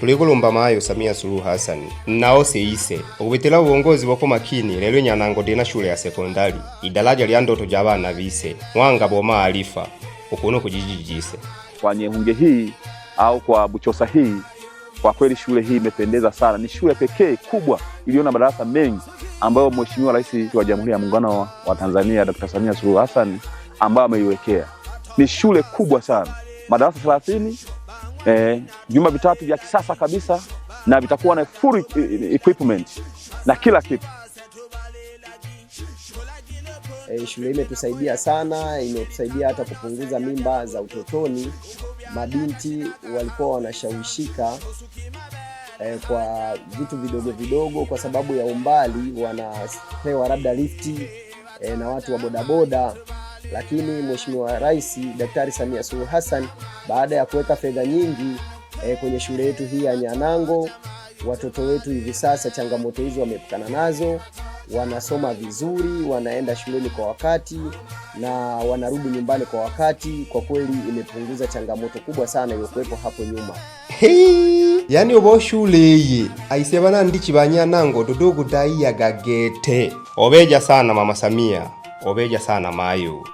tulikulumba mayo Samia Suluhu Hasani naose ise okupitila uwongozi wako makini lelo nyanango ndina shule ya sekondari idalaja lya ndoto ja bana bise mwanga boma alifa ukuno kujiji jise kwa Nyehunge hii au kwa Buchosa hii kwa kweli shule hii imependeza sana. Ni shule pekee kubwa iliyo na madarasa mengi ambayo Mheshimiwa Rais wa Jamhuri ya Muungano wa Tanzania Dr. Samia Suluhu Hassan ambayo ameiwekea. Ni shule kubwa sana, madarasa 30 Eh, vyumba eh, vitatu vya kisasa kabisa na vitakuwa na full e, e, equipment na kila kitu. Eh, shule imetusaidia sana, imetusaidia hata kupunguza mimba za utotoni. Mabinti walikuwa wanashawishika eh, kwa vitu vidogo vidogo, kwa sababu ya umbali wanapewa labda lifti eh, na watu wa bodaboda lakini Mheshimiwa Rais Daktari Samia Suluhu Hassan baada ya kuweka fedha nyingi e, kwenye shule yetu hii ya Nyanango, watoto wetu hivi sasa changamoto hizo wamepukana nazo, wanasoma vizuri, wanaenda shuleni kwa wakati na wanarudi nyumbani kwa wakati. Kwa kweli imepunguza changamoto kubwa sana iliyokuwepo hapo nyuma. Hey, yani shule shuleye aise bana ndichi banyanango dodogo daiya gagete obeja sana mama Samia obeja sana mayo